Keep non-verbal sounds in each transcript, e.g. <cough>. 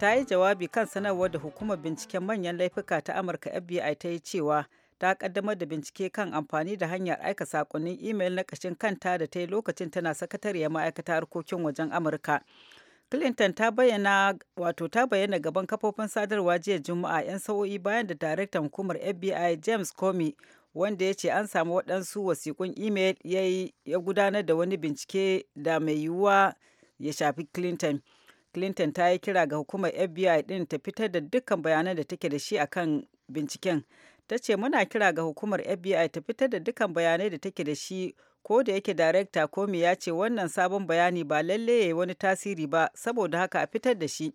ta yi jawabi kan sanarwar da hukumar binciken manyan laifuka ta amurka fbi ta yi cewa ta kaddamar da bincike kan amfani da hanyar aika sakonnin imel na kashin kanta da ta yi lokacin tana sakatariyar ma'aikata harkokin wajen amurka clinton ta bayyana wato ta bayyana gaban kafofin sadarwa jiya juma'a 'yan sa'o'i bayan da daraktan hukumar fbi james comey wanda ya ce an samu waɗansu wasiƙun imel ya gudanar da wani bincike da mai yiwuwa ya shafi clinton Clinton ta yi kira ga hukumar FBI din ta fitar da dukkan bayanan da take da shi akan binciken. Ta ce muna kira ga hukumar FBI ta fitar da dukkan bayanai da take da shi ko da yake darekta komi ya ce wannan sabon bayani ba lalle ya yi wani tasiri ba saboda haka a fitar da shi.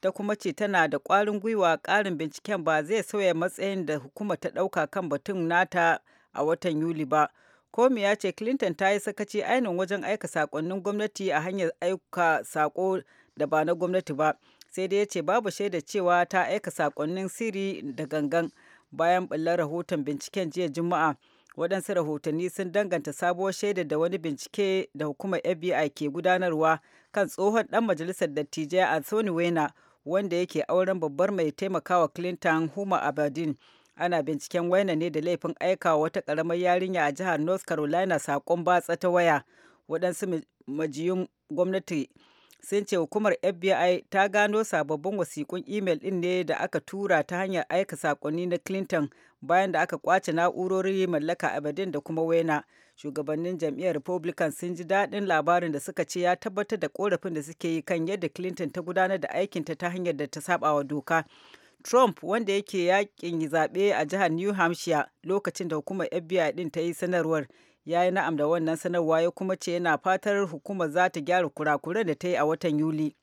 Ta kuma ce tana da kwarin gwiwa karin binciken ba zai sauya matsayin da hukumar ta ɗauka kan batun nata a watan Yuli ba. Komi ya ce Clinton ta yi sakaci ainihin wajen aika sakonnin gwamnati a hanyar aika sako da ba na gwamnati ba sai dai ya ce babu shaida cewa ta aika sakonnin sirri da gangan bayan ɓullar rahoton binciken jiya juma'a waɗansu rahotanni sun danganta sabuwar shaida da wani bincike da hukumar fbi ke gudanarwa kan tsohon ɗan majalisar dattijai a tsoni wena wanda yake auren babbar mai taimakawa clinton huma abadin ana binciken waina ne da laifin aika wata karamar yarinya a jihar north carolina saƙon batsa ta waya waɗansu majiyun gwamnati sun ce hukumar FBI ta gano sababbin wasikun imel ɗin ne da aka tura ta hanyar aika saƙonni na Clinton bayan da aka kwace na'urori mallaka abadin da kuma waina.. Shugabannin jam'iyyar Republican sun ji daɗin labarin da suka ce ya tabbatar da korafin da suke yi kan yadda Clinton ta gudanar da aikinta ta hanyar da ta saba wa doka. Trump wanda yake yakin zaɓe a jihar New Hampshire lokacin da hukumar FBI ɗin ta yi sanarwar ya yi na'am da wannan sanarwa ya kuma ce yana fatar hukumar za ta gyara kurakuren da ta yi a watan yuli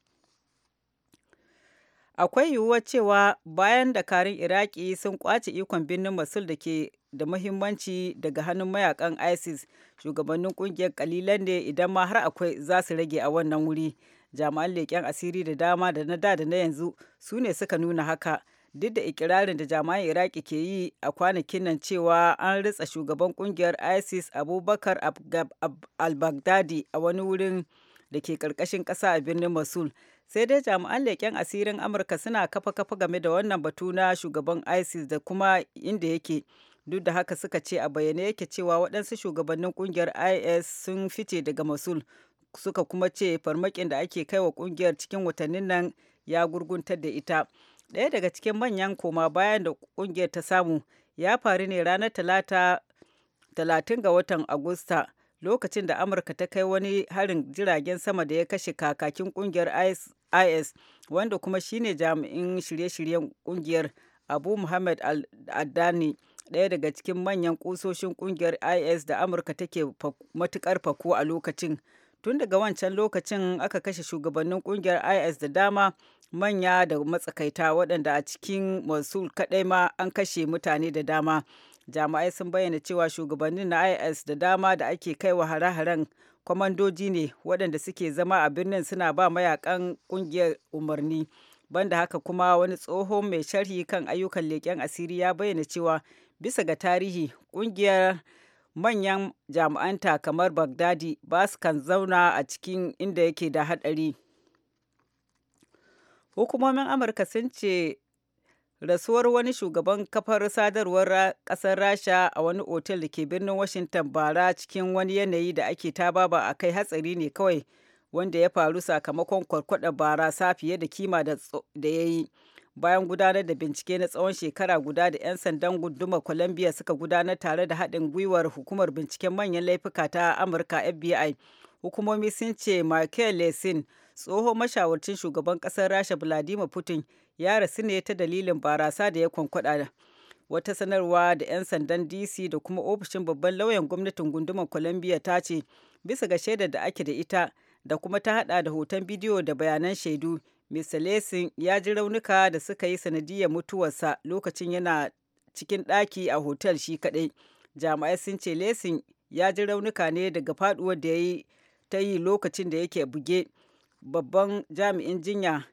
akwai yiwuwar cewa bayan dakarun iraki sun kwace ikon birnin masul da ke da muhimmanci daga hannun mayakan isis shugabannin kungiyar kalilan ne idan ma har akwai za su rage a wannan wuri jami'an leƙen asiri da dama da na da da na yanzu su ne suka nuna haka duk da ikirarin da jami'an iraki ke yi a kwanakin nan cewa an ritsa shugaban kungiyar isis abubakar al-baghdadi a wani wurin da ke karkashin ƙasa a birnin mosul sai dai jami'an leƙen asirin amurka suna kafa-kafa game da wannan batu na shugaban isis da kuma inda yake duk da haka suka ce a bayyane yake cewa waɗansu shugabannin ƙungiyar is sun fice daga mosul suka kuma ce farmakin da ake kai wa ƙungiyar cikin watannin nan ya gurgunta da ita ɗaya daga cikin manyan koma bayan da ƙungiyar ta samu ya faru ne ranar talata 30 ga watan agusta lokacin da amurka ta kai wani harin jiragen sama da ya kashe kakakin kungiyar is wanda kuma shine jami'in shirye-shiryen kungiyar abu muhammad al-addani ɗaya daga cikin manyan ƙusoshin kungiyar is da amurka take matukar fako a lokacin tun daga wancan lokacin aka kashe shugabannin kungiyar is da dama manya da matsakaita waɗanda a cikin mosul kaɗai ma an kashe mutane da dama jami'ai sun bayyana cewa shugabannin na is da dama da ake kaiwa hare-haren kwamandoji ne waɗanda suke zama a birnin suna ba mayakan ƙungiyar umarni banda haka kuma wani tsoho mai sharhi kan ayyukan leƙen asiri ya bayyana cewa bisa ga tarihi ƙungiyar manyan jami'anta kamar bagdadi ba su kan zauna a cikin inda yake da haɗari Hukumomin Amurka sun ce rasuwar wani shugaban kafar sadarwar kasar Rasha a wani otel da ke birnin Washington bara cikin wani yanayi da ake tababa a kai hatsari ne kawai wanda ya faru sakamakon kwarkwada barasa fiye da kima da ya yi. bayan gudanar da bincike na tsawon shekara guda da 'yan sandan gunduma columbia suka gudanar tare da haɗin gwiwar hukumar binciken manyan laifuka ta amurka fbi hukumomi sun ce michael lesin tsohon mashawarcin shugaban ƙasar rasha vladimir putin ya rasu ne ta dalilin barasa da ya kwankwada wata sanarwa da 'yan sandan dc da kuma ofishin babban lauyan gwamnatin gundumar columbia ta ce bisa ga shaidar da ake da ita da kuma ta hada da hoton bidiyo da bayanan shaidu mr lesin ya ji raunuka da suka yi sanadiyar mutuwarsa lokacin yana cikin ɗaki a hotel shi kaɗai jami'ai sun ce lesin ya ji raunuka ne daga faduwar da ya yi ta yi lokacin da yake buge babban jami'in jinya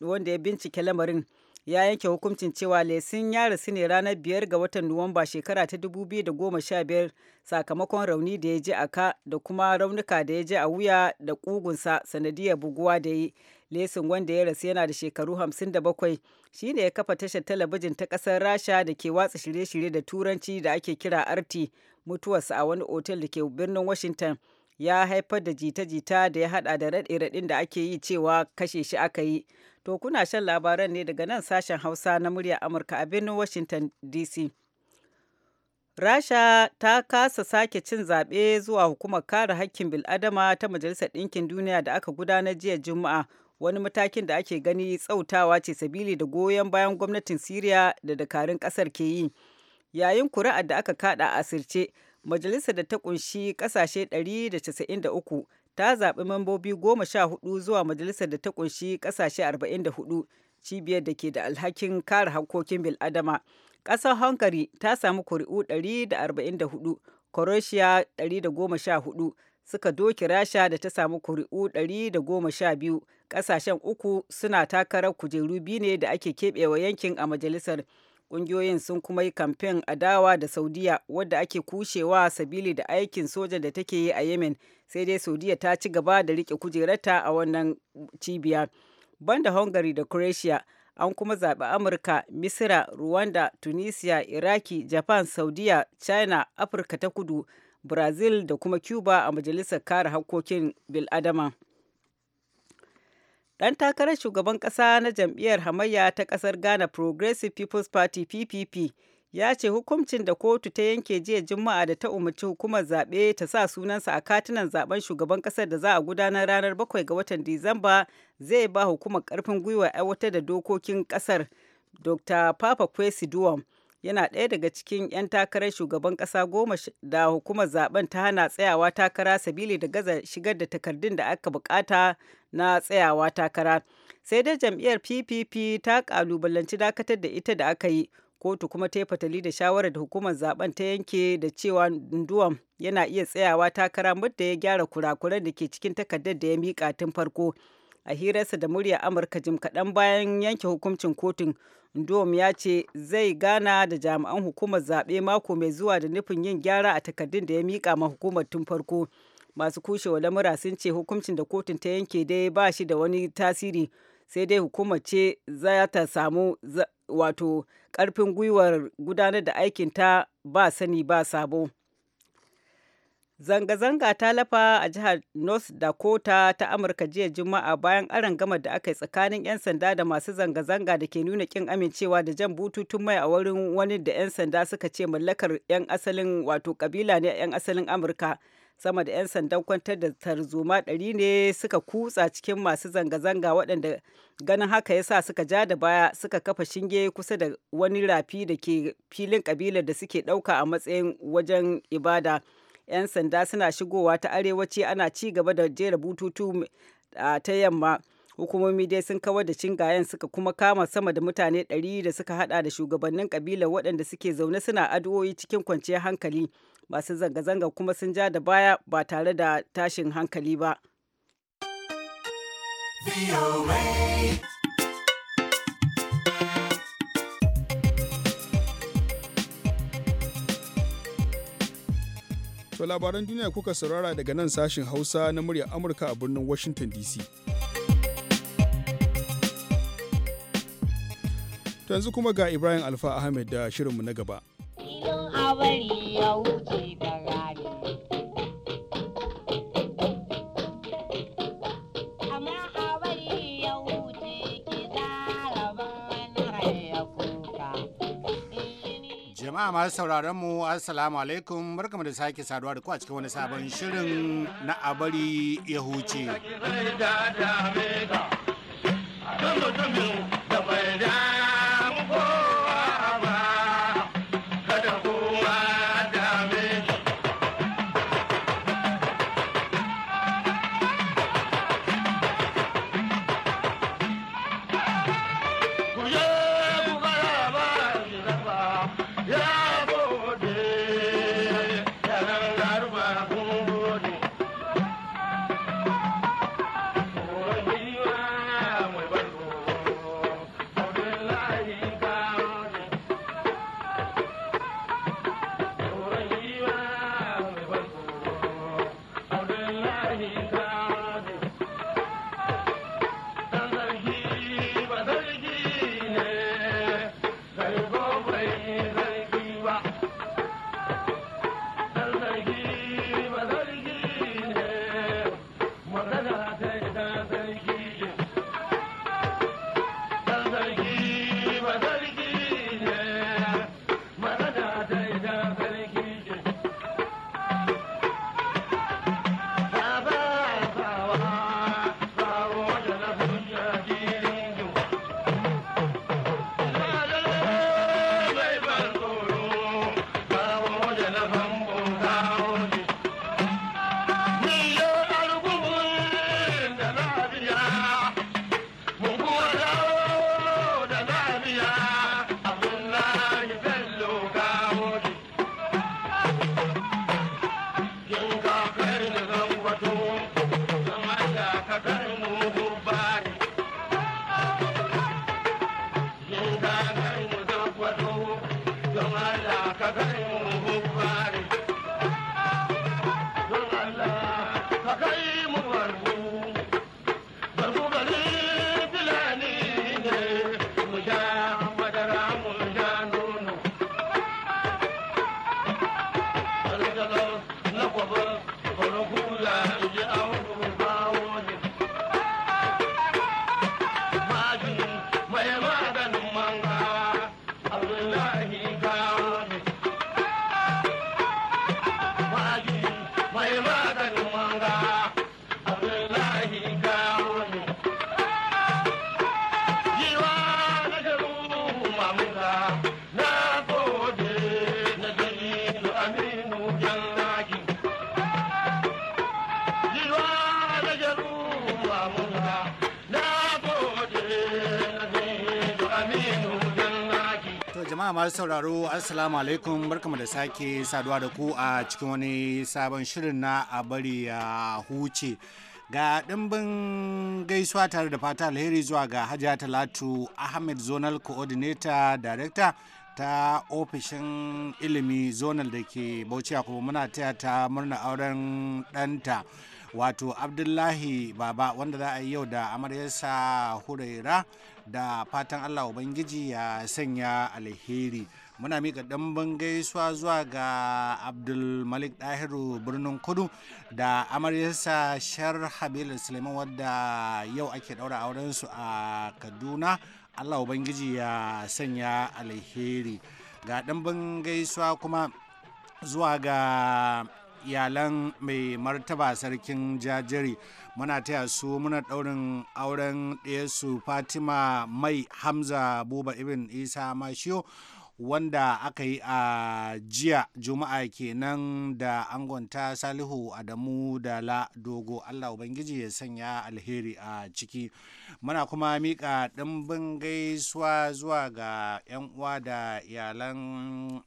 wanda ya bincike lamarin ya yanke hukuncin cewa lesin ya rasu ne ranar biyar ga watan nuwamba shekara ta 2015 sakamakon rauni da ya ji a ka da kuma raunuka da ya je a wuya da kugunsa sanadiyar buguwa da yi lesin wanda ya rasu yana da shekaru 57 shi ne ya kafa tashar talabijin ta kasar rasha da ke watsa shirye-shirye da turanci da ake kira arti mutuwarsa a wani otel da ke birnin washington ya haifar da jita-jita da ya hada da raɗe-raɗin da ake yi cewa kashe shi aka yi. To kuna shan labaran ne daga nan sashen Hausa na murya Amurka a birnin Washington DC. Rasha ta kasa sake cin zaɓe zuwa hukumar kare hakkin bil'adama ta Majalisar Ɗinkin Duniya da aka gudanar jiya Juma'a wani matakin da ake gani tsautawa ce sabili da goyon bayan gwamnatin Siriya da dakarun ƙasar ke yi. Yayin kuri'ar da aka kaɗa a asirce, majalisar da ta kunshi kasashe 193 ta zaɓi membobi goma sha hudu zuwa majalisar da ta kunshi kasashe 44 cibiyar da ke da alhakin kare hankokin bil'adama ƙasar hungary ta samu kuri'u 144 croatia 114 suka doki rasha da ta samu kuri'u 112 ƙasashen uku suna takarar kujeru biyu ne da ake keɓewa yankin a majalisar Ƙungiyoyin sun kuma yi kamfen adawa da Saudiya wadda ake kushewa sabili da aikin soja da take yi a Yemen sai dai Saudiya ta ci gaba da riƙe kujerarta a wannan cibiya. Banda Hungary da Croatia an kuma zaɓi Amurka, Misira, Rwanda, Tunisia, Iraki, Japan, Saudiya, China, Afirka ta Kudu, Brazil da kuma Cuba a Majalisar Kare Hakkokin Bil'adama. Ɗan takarar shugaban ƙasa na jam'iyyar hamayya ta ƙasar Ghana Progressive People's Party PPP ya ce hukuncin da kotu ta yanke jiya Juma'a da ta umarci hukumar zaɓe ta sa sunansa a katunan zaben shugaban ƙasar da za a gudanar ranar 7 ga watan Disamba zai ba hukumar ƙarfin gwiwa aiwatar da dokokin ƙasar. Dr. Papa Kwesi Duwam yana ɗaya daga cikin 'yan takarar shugaban ƙasa goma da hukumar zaben ta hana tsayawa takara sabili da gaza shigar da takardun da aka bukata na tsayawa takara sai dai jam'iyyar ppp ta kalubalanci dakatar da ita da aka yi kotu kuma ta yi fatali da shawarar da hukumar zaben ta yanke da cewa nduwam yana iya tsayawa takara mudda ya gyara kurakuran da ke cikin takardar da ya miƙa tun farko a hirarsa da murya amurka jim kaɗan bayan yanke hukuncin kotun dom ya ce zai gana da jami'an hukumar zaɓe mako mai zuwa da nufin yin gyara a takardun da ya miƙa ma hukumar tun farko masu kushewa lamura sun ce hukuncin da kotun ta yanke dai ba shi da wani tasiri sai dai hukumar ce za ta samu wato ƙarfin gwiwar gudanar da aikin ta ba sani ba sabo Zanga-zanga ta lafa a jihar North Dakota ta Amurka jiya Juma'a bayan aron gama da aka yi tsakanin 'yan sanda da masu zanga-zanga da ke nuna kin amincewa da jan bututun mai a wurin wani da 'yan sanda suka ce mallakar 'yan asalin wato kabila ne 'yan asalin Amurka. Sama da 'yan sandan kwantar da tarzoma ɗari ne suka kutsa cikin masu zanga-zanga waɗanda ganin haka ya sa suka ja da baya suka kafa shinge kusa da wani rafi da ke filin kabilar da suke ɗauka a matsayin wajen ibada. 'yan sanda suna shigowa ta arewaci ana ci gaba da jera bututu ta yamma hukumomi dai sun kawar da cingayen suka kuma kama sama da mutane 100 da suka hada da shugabannin kabilar waɗanda suke zaune suna addu'o'i cikin kwanciyar hankali masu zanga-zanga kuma sun ja da baya ba tare da tashin hankali ba. To labaran duniya kuka saurara daga nan sashin Hausa na muryar Amurka a birnin Washington DC. To yanzu kuma ga Ibrahim Alfa Ahmed da shirinmu na gaba. Idan a ya wuce Jama'a masu sauraron mu Assalamu alaikum barkamu da sake saduwa da ku a cikin wani sabon shirin na abari ya huce. sauraro assalamu alaikum barkamu da sake saduwa da ku a cikin wani sabon shirin na a bari ya huce ga ɗimbin gaisuwa tare da fata alheri zuwa ga hajiya talatu ahmed zonal coordinator director ta ofishin ilimi zonal da ke bauchi kuma muna taya ta murna auren danta wato abdullahi baba wanda za a yi yau da amaryarsa huraira da fatan allah ubangiji ya sanya alheri muna mika ɗanban gaisuwa zuwa ga abdulmalik dahiru birnin kudu da amaryarsa shar habil suleiman wadda yau ake ɗaura aurensu a kaduna allah ubangiji ya sanya alheri ga ɗanban gaisuwa kuma zuwa ga iyalan mai martaba sarkin jajiri muna taya su muna daurin auren ɗaya su fatima mai hamza buba ibn isa mashiyo wanda aka yi a jiya juma'a kenan da angonta salihu adamu da la dogo allah ubangiji ya sanya alheri a ciki muna kuma mika ɗimbin gaisuwa zuwa ga 'yan uwa da iyalan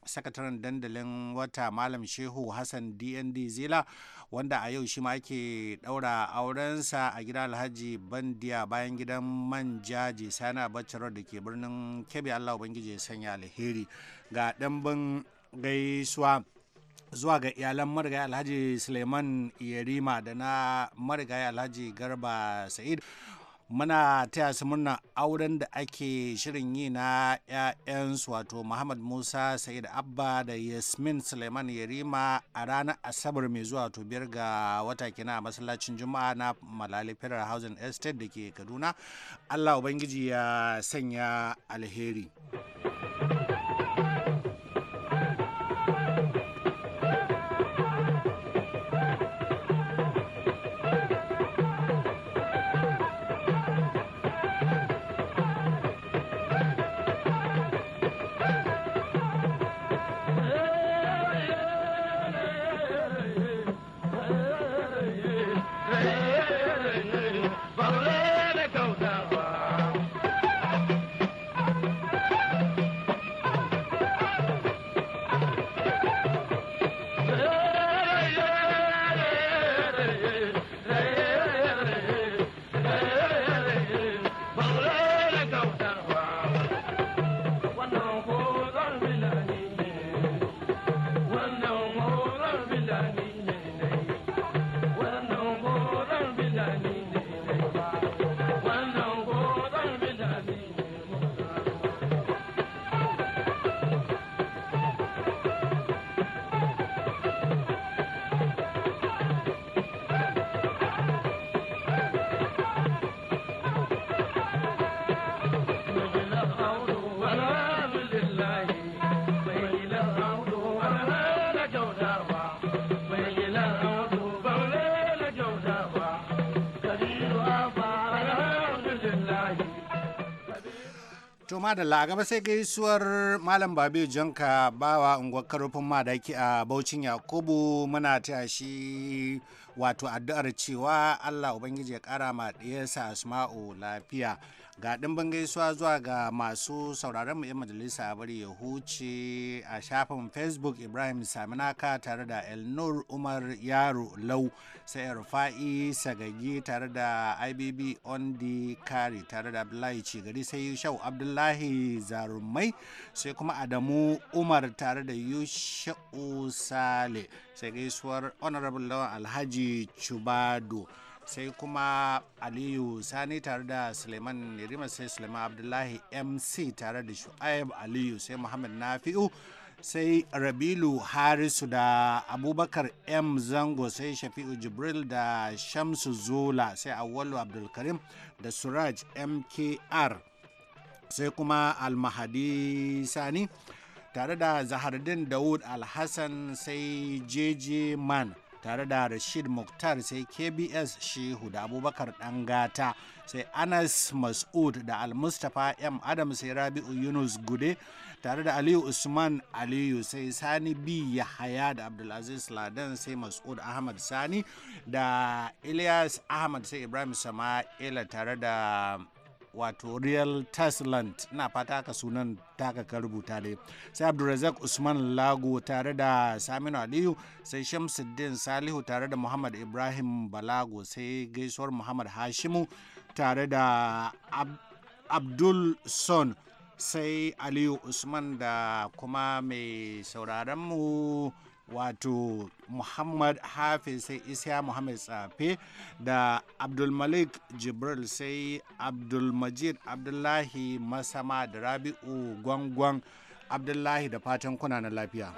sakataren dandalin wata malam shehu hassan dnd zila wanda a yau shi ma ke daura aurensa a gidan alhaji bandiya bayan gidan manja jisana baccirar da ke birnin kebe allah ubangiji ya sanya alheri ga dambin gaisuwa zuwa ga iyalan marigayi alhaji suleiman yarima da na marigayi alhaji garba sa'id muna taya su murnar auren da ake shirin yi na 'ya'yansu wato muhammad musa sa'id abba da yasmin suleiman yarima a ranar asabar mai zuwa to biyar ga wata kina a masallacin juma'a na malali federal housing estate da ke kaduna allah ubangiji ya sanya alheri madalla a gaba sai gaisuwar malam babu janka bawa unguwar karfin madaki a baucin yakubu muna ta shi wato addu'ar cewa allah ubangiji ya kara ma ɗiyarsa asma'u lafiya ga dimbin gaisuwa zuwa ga masu sauraron mu 'yan majalisa a bari ya huce a shafin facebook ibrahim saminaka tare da elnur umar yaro lau sai rufa'i sagagi tare da ibb ondi kari tare da abdullahi cigari sai shau abdullahi zarumai sai kuma adamu umar tare da yusha'u sale sai gaisuwar honorable lawan alhaji chubado sai kuma aliyu sani tare da suleiman nirima sai suleiman abdullahi mc tare da shu'aib aliyu sai muhammad nafi'u sai rabilu harisu da abubakar m zango sai shafi'u jibril da shamsu zola sai awalu abdulkarim da suraj mkr sai kuma almahadi sani tare da zahardin daud alhassan sai jeje man tare da rashid mukhtar sai kbs shehu da abubakar dangata sai anas mas'ud da almustapha m adam sai rabi'u yunus gude tare da aliyu usman aliyu sai sani b yahaya da abdulaziz ladan sai mas'ud ahmad sani da ilyas ahmad sai ibrahim sama'ila tare da wato real tasland na fata haka sunan taka ka rubuta dai sai abdulrazak usman lago tare da saminu aliyu sai shamsuddin salihu tare da muhammad ibrahim balago sai gaisuwar muhammad hashimu tare da abdul son sai aliyu usman da kuma mai sauraronmu mu wato muhammad hafiz sai isya muhammad tsafe da abdulmalik jibril sai abdulmajid abdullahi masama da rabi'u gwangwan abdullahi da fatan kuna na lafiya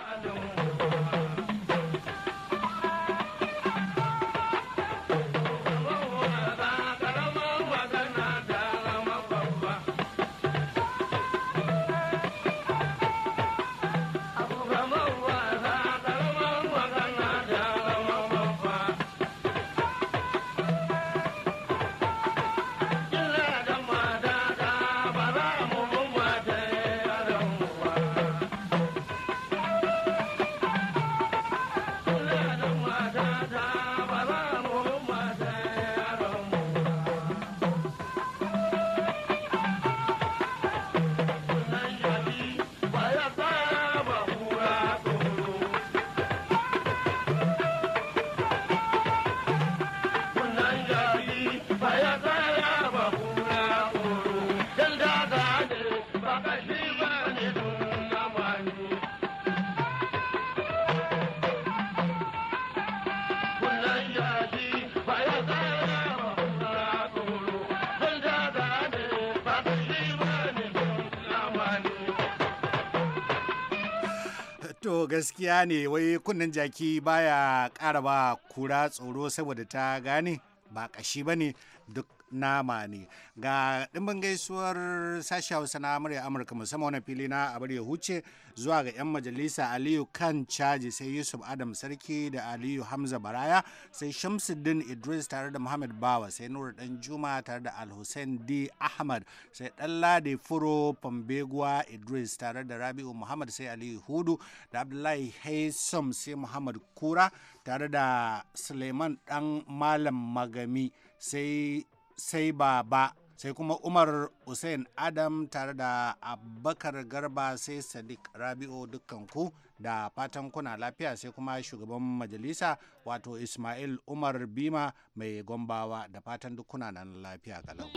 gaskiya ne wai kunnen jaki baya ƙara ba kura tsoro saboda ta gane ba ƙashi ba ne duk nama ne ga dimbin gaisuwar sashi hausa na murya amurka musamman wani fili na abar ya huce zuwa ga 'yan majalisa aliyu kan caji sai yusuf adam sarki da aliyu hamza baraya sai shamsuddin idris tare da muhammad bawa sai nura dan juma tare da alhussein d ahmad sai Ɗanladi furo fambeguwa idris tare da rabi'u muhammad sai aliyu hudu da abdullahi haisom sai muhammad kura tare da suleiman dan malam magami sai sai baba sai kuma umar hussein adam tare da abubakar garba sai sadiq rabi'u dukkanku da fatan kuna lafiya sai kuma shugaban majalisa wato ismail umar bima mai gombawa da fatan duk kuna nan lafiya kalau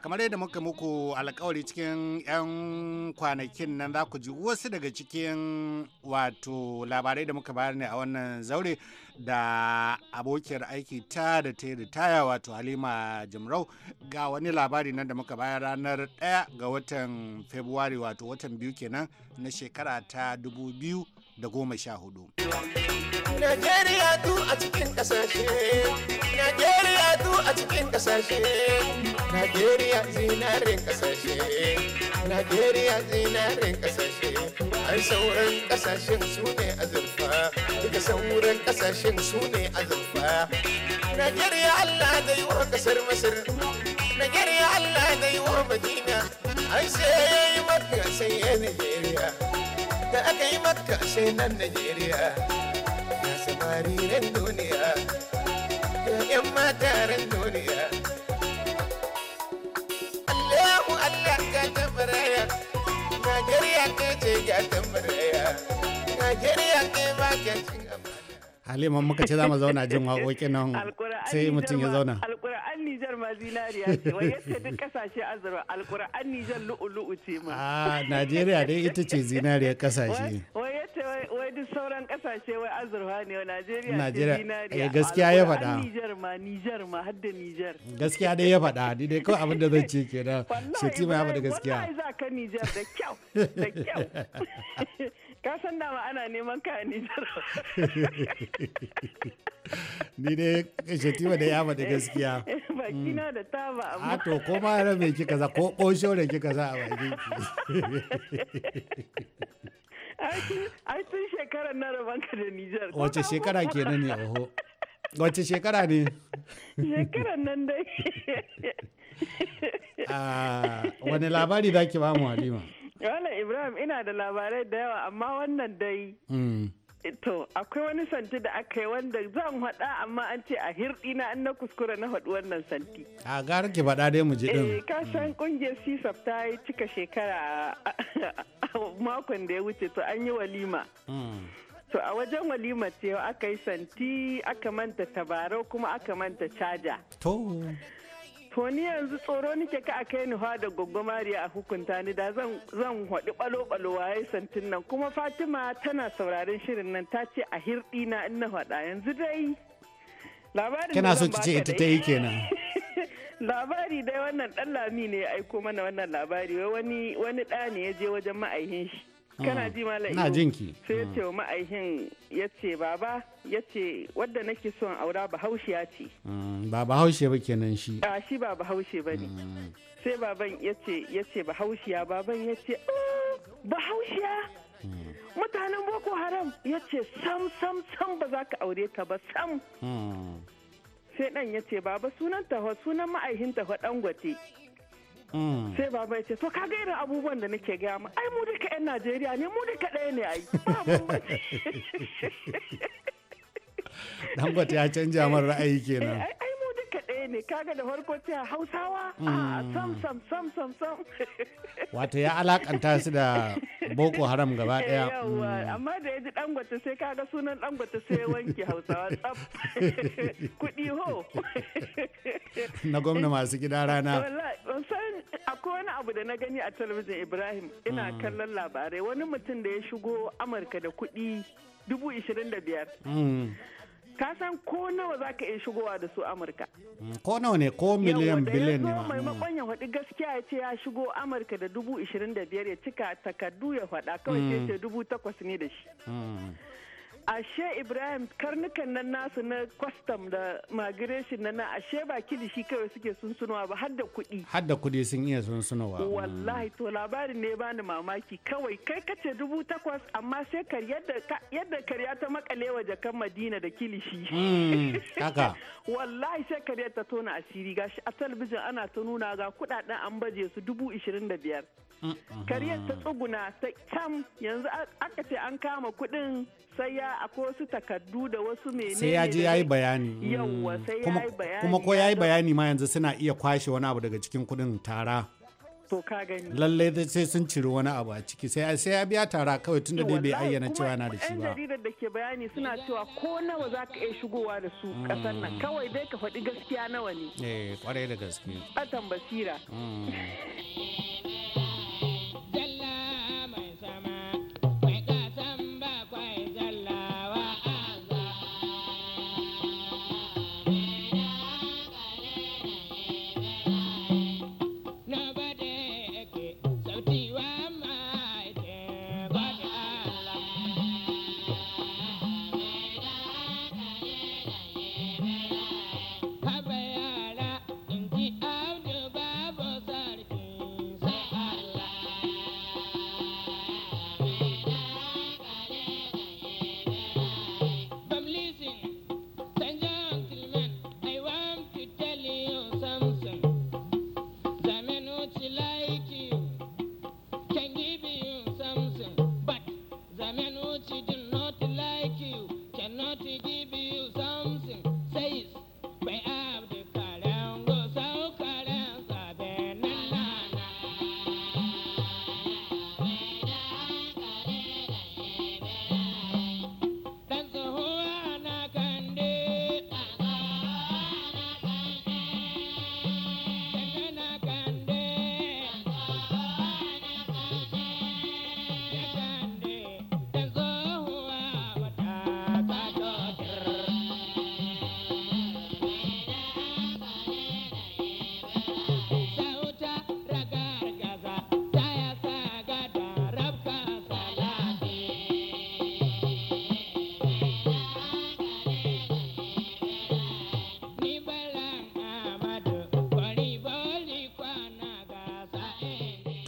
kamar yadda muka muku alkawari cikin 'yan kwanakin nan za ku ji wasu daga cikin wato labarai da muka bayar ne a wannan zaure da abokiyar aiki ta da ta ritaya wato halima jimrau ga wani labari nan da muka bayar ranar 1 ga watan februari wato watan biyu kenan na shekara ta 2000 da goma sha hudu. Najeriya du a cikin kasashe, Najeriya du a cikin kasashe, Najeriya zinarin kasashe, Najeriya zinarin kasashe, ai sauran kasashen su ne azurfa, duka sauran kasashen su ne azurfa. Najeriya Allah da yi wa kasar Masar, Najeriya Allah da yi wa Madina, ai sai ya yi maka sai ya Najeriya. da aka yi maka ashe nan Najeriya ya samari ran duniya ya yan ran duniya Allahu Allah ka tambaraya Najeriya ka ce ga tambaraya Najeriya ka ba ka cin Halima muka ce za mu zauna jin waƙoƙin nan <laughs> sai mutum ya zauna alƙur'an nijar ma zinariya ce wai yadda duk kasashe azurwa alƙur'an nijar lu'ulu'u ce ma Ah najeriya dai ita ce zinariyar kasashe wai yadda wai duk sauran kasashe wai azurwa ne wa najeriya ce eh, zinariya gaskiya ya faɗa nijar ma nijar ma har da nijar gaskiya dai ya faɗa ni dai kawai abin da zan ce kenan shetima ya faɗa gaskiya wallahi za ka nijar da kyau da kyau <laughs> <laughs> ka san dama ana neman ka Nijar <laughs> ni dai shatima <laughs> eh, mm. da yama da gaskiya bakina da taba amma a ah, to ko ma rabe kika za ko kosho da kika za a bakin ki <laughs> ai tun shekarar na ka da Nijar wace shekara kenan ne oho wace shekara ne shekarar nan dai ah, wani labari da ki ba mu halima Wala Ibrahim ina da labarai da yawa amma wannan dai. Hmm. To akwai wani santi da aka yi wanda zan haɗa amma an ce a hirɗi na an na kuskura na haɗu wannan santi. A gara ke faɗa dai mu ji ɗin. Eh ka san ƙungiyar CSAP ta yi cika shekara makon da ya wuce to an yi walima. Hmm. To a wajen walima ce aka yi santi aka manta tabarau kuma aka manta caja. To. To ni yanzu tsoro nike ka a kai ni fa da Mariya a hukunta ni da zan zan haɗu ɓalo-ɓalo waye santin nan kuma Fatima tana sauraron shirin nan ta ce a hirɗi na in na faɗa yanzu dai labarin Kana so ki ce ita ta yi kenan. <laughs> labari dai wannan ɗan lami ne ya aiko mana wannan labari wai wani wani ɗa ne ya je wajen ma'aihin shi kana ah, ji malam na jinki sai ya ah. ce ma'aihin ya ce baba ya ce wadda nake son aura bahaushiya ce ah, ba bahaushe ba kenan shi a shi ba bahaushe ba ne sai baban ya ce ya ce bahaushiya baban ya ce bahaushiya mutanen boko haram ya ce sam sam sam ba za ka aure ta ba sam sai dan ya ce baba sunan taho sunan ma'aihin taho dangote Mm. sai baba ya ce to ka irin abubuwan da nake gaya ma ai mu duka yan najeriya ne mu duka ɗaya ne ai <laughs> dangote ya canja man ra'ayi kenan <laughs> ne kaga da farko ta hausawa a ah, hmm. sam sam sam sam <laughs> wato ya alakanta su da boko haram gaba daya eh, hmm. amma da ya ji dangote sai kaga sunan dangote sai wanke hausawa <laughs> kudi ho <laughs> na gwamna masu gida rana akwai wani abu da na gani a talabijin ibrahim ina hmm. kallon labarai wani mutum da ya shigo amurka da kudi dubu ishirin da biyar ka san ko nawa za ka iya shigowa da su amurka mm, ko nawa ne ko miliyan biliyan ne mm. mai makon ya faɗi gaskiya ya ce ya shigo amurka da dubu ishirin da biyar ya cika takardu ya faɗa kawai mm. ce dubu takwas ne da shi ashe ibrahim karnukan nan nasu na kwastam da migration na na ashe ba kilishi kawai suke sunsunowa ba har da kuɗi har da kuɗi sun iya sunsunowa. Mm. wallahi to labarin ne bani mamaki kawai kai kace dubu takwas amma sai kar yadda karya ta makale wa jakan madina da kilishi kaka mm, <laughs> wallahi sai karya ta tona asiri gashi a talabijin ana ta nuna ga kuɗaɗen an baje su dubu ishirin da biyar kariyar ta tsuguna ta cam yanzu aka ce an kama kuɗin sai ya akwai wasu takardu da wasu menene sai ya je yayi bayani mm. yawwa sai yi bayani kuma ko yayi bayani ma yanzu suna iya kwashe wani abu daga cikin kuɗin tara to ka gani lalle sai sun ciri wani abu a ciki sai sai ya biya tara kawai tunda dai bai ayyana cewa na da shi ba jaridar da ke bayani suna cewa ko nawa za ka iya shigowa da su kasar mm. nan kawai dai ka faɗi gaskiya nawa ne eh kwarai da gaske atan basira mm. <laughs>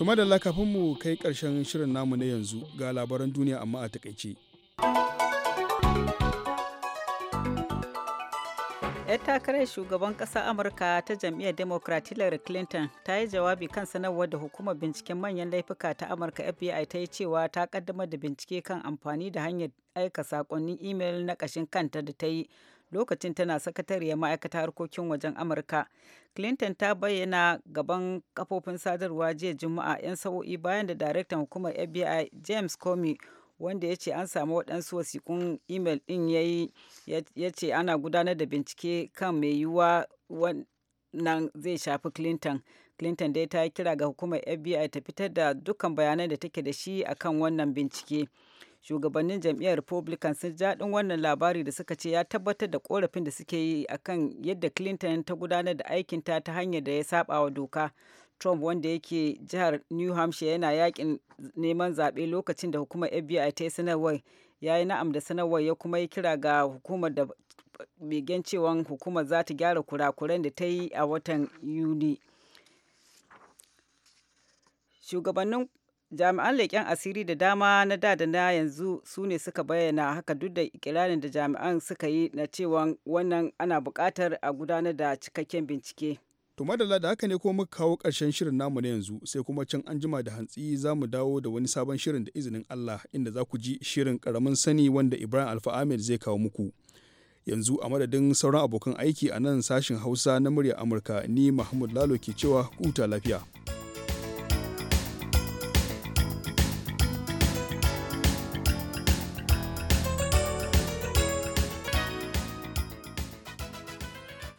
To da kafin mu kai ƙarshen shirin namu na yanzu ga labaran duniya amma a takaice. 'yar takarar shugaban ƙasar amurka ta jam'iyyar democrat hillary clinton ta yi jawabi kan sanarwar da hukumar binciken manyan laifuka ta amurka fbi ta yi cewa ta kaddamar da bincike kan amfani da hanyar aika saƙonnin imel na ƙashin kanta da ta yi lokacin tana sakatariyar ma'aikata harkokin wajen amurka clinton ta bayyana gaban kafofin sadarwa jiya juma'a 'yan sa'o'i bayan da daraktan hukumar fbi james comey wanda ya ce an samu waɗansu wasiƙun imel ɗin ya yi ya ce ana gudanar da bincike kan mai yiwuwa wannan zai shafi clinton clinton dai ta yi kira ga hukumar fbi ta fitar da dukkan bayanan da take da shi akan wannan bincike. shugabannin jam'iyyar republican sun jaɗin wannan labari da suka ce ya tabbatar da korafin da suke yi akan yadda clinton ta gudanar da aikinta ta hanyar da ya saba wa doka trump wanda yake jihar new hampshire yana yakin neman zaɓe lokacin da hukumar fbi ta yi sanarwar ya yi na'am da sanarwar ya kuma yi kira ga hukumar da begen cewa hukumar za ta gyara kurakuran da ta yi a watan yuni shugabannin jami'an leƙen asiri da dama na da da na yanzu su ne suka bayyana haka duk da ikirarin da jami'an suka yi na cewa wannan ana buƙatar a gudanar da cikakken bincike. To madalla da haka ne kuma muka kawo ƙarshen shirin namu na yanzu sai kuma can an jima da hantsi za mu dawo da wani sabon shirin da izinin Allah inda za ku ji shirin ƙaramin sani wanda Ibrahim Alfa Ahmed zai kawo muku. Yanzu a madadin sauran abokan aiki a nan sashin Hausa na murya Amurka ni Mahmud Lalo ke cewa huta lafiya.